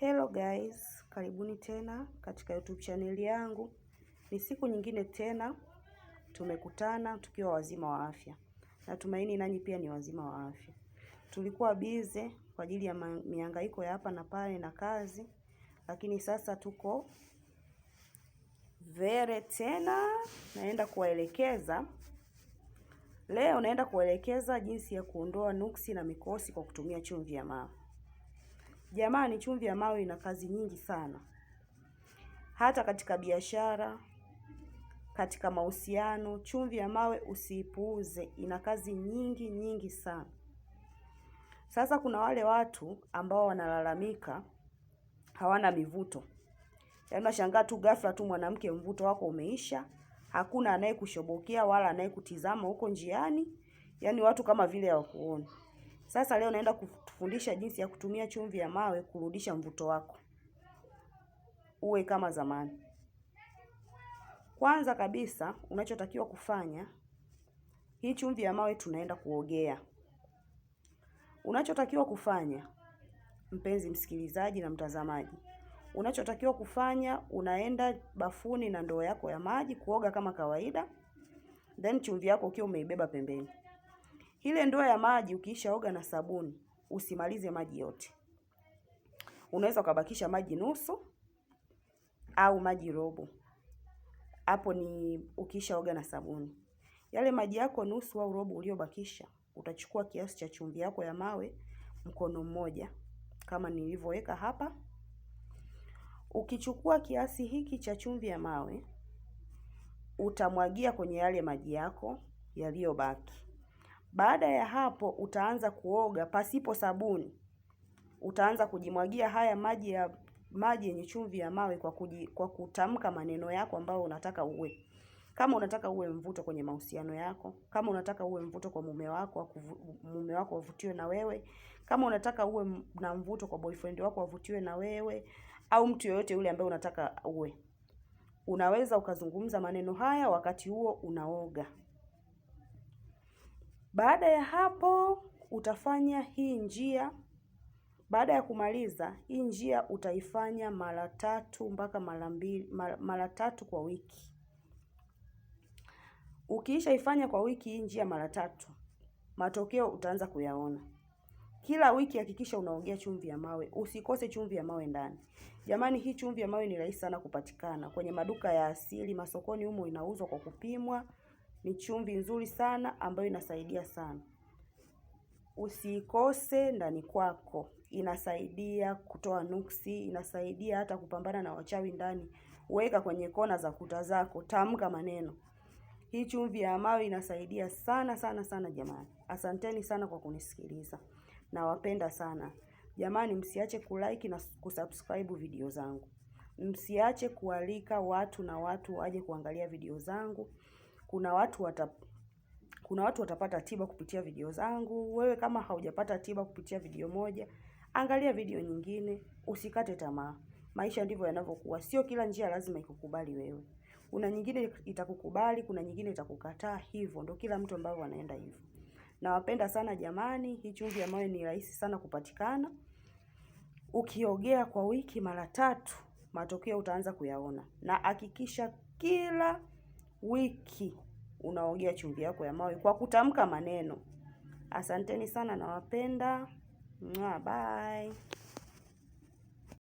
Hello guys, karibuni tena katika YouTube channel yangu. Ni siku nyingine tena tumekutana tukiwa wazima wa afya. Natumaini nanyi pia ni wazima wa afya. Tulikuwa bize kwa ajili ya mihangaiko ya hapa na pale na kazi, lakini sasa tuko vere tena, naenda kuwaelekeza leo, naenda kuwaelekeza jinsi ya kuondoa nuksi na mikosi kwa kutumia chumvi ya mawe. Jamani, chumvi ya mawe ina kazi nyingi sana, hata katika biashara, katika mahusiano. Chumvi ya mawe usiipuuze, ina kazi nyingi nyingi sana. Sasa kuna wale watu ambao wanalalamika hawana mivuto, yaani unashangaa tu ghafla tu mwanamke, mvuto wako umeisha, hakuna anayekushobokea wala anayekutizama huko njiani, yaani watu kama vile hawakuona. Sasa leo naenda kufundisha jinsi ya kutumia chumvi ya mawe kurudisha mvuto wako uwe kama zamani. Kwanza kabisa unachotakiwa kufanya, hii chumvi ya mawe tunaenda kuogea. Unachotakiwa kufanya, mpenzi msikilizaji na mtazamaji, unachotakiwa kufanya, unaenda bafuni na ndoo yako ya maji kuoga kama kawaida, then chumvi yako ukiwa umeibeba pembeni. Ile ndoo ya maji ukiishaoga na sabuni, usimalize maji yote. Unaweza ukabakisha maji nusu au maji robo. Hapo ni oga na sabuni. Yale maji yako nusu au robo uliyobakisha, utachukua kiasi cha chumvi yako ya mawe mkono mmoja kama nilivyoweka hapa. Ukichukua kiasi hiki cha chumvi ya mawe utamwagia kwenye yale maji yako yaliyobaki. Baada ya hapo utaanza kuoga pasipo sabuni. Utaanza kujimwagia haya maji ya maji yenye chumvi ya mawe kwa kuji, kwa kutamka maneno yako ambayo unataka uwe. Kama unataka uwe mvuto kwenye mahusiano yako, kama unataka uwe mvuto kwa mume wako, mume wako avutiwe na wewe, kama unataka uwe na mvuto kwa boyfriend wako avutiwe na wewe au mtu yoyote yule ambaye unataka uwe. Unaweza ukazungumza maneno haya wakati huo unaoga. Baada ya hapo utafanya hii njia baada ya kumaliza hii njia utaifanya mara tatu mpaka mara mbili mara tatu kwa wiki. ukiisha ifanya kwa wiki hii njia mara tatu, matokeo utaanza kuyaona. Kila wiki hakikisha unaogea chumvi ya mawe, usikose chumvi ya mawe ndani. Jamani, hii chumvi ya mawe ni rahisi sana kupatikana kwenye maduka ya asili, masokoni humo inauzwa kwa kupimwa ni chumvi nzuri sana ambayo inasaidia sana. Usiikose ndani kwako, inasaidia kutoa nuksi, inasaidia hata kupambana na wachawi ndani. Weka kwenye kona za kuta zako, tamka maneno. Hii chumvi ya mawe inasaidia sana sana sana jamani. Asanteni sana kwa kunisikiliza, nawapenda sana jamani. Msiache kulike na kusubscribe video zangu, msiache kualika watu na watu waje kuangalia video zangu kuna watu wata kuna watu watapata tiba kupitia video zangu. Wewe kama haujapata tiba kupitia video moja, angalia video nyingine, usikate tamaa. Maisha ndivyo yanavyokuwa, sio kila njia lazima ikukubali wewe. Kuna nyingine itakukubali, kuna nyingine itakukataa, hivyo ndio kila mtu ambavyo anaenda hivyo. Nawapenda sana jamani, hii chumvi ambayo ni rahisi sana kupatikana. Ukiogea kwa wiki mara tatu, matokeo utaanza kuyaona, na hakikisha kila wiki unaogea chumvi yako ya mawe kwa kutamka maneno. Asanteni sana, nawapenda. Mwah, bye.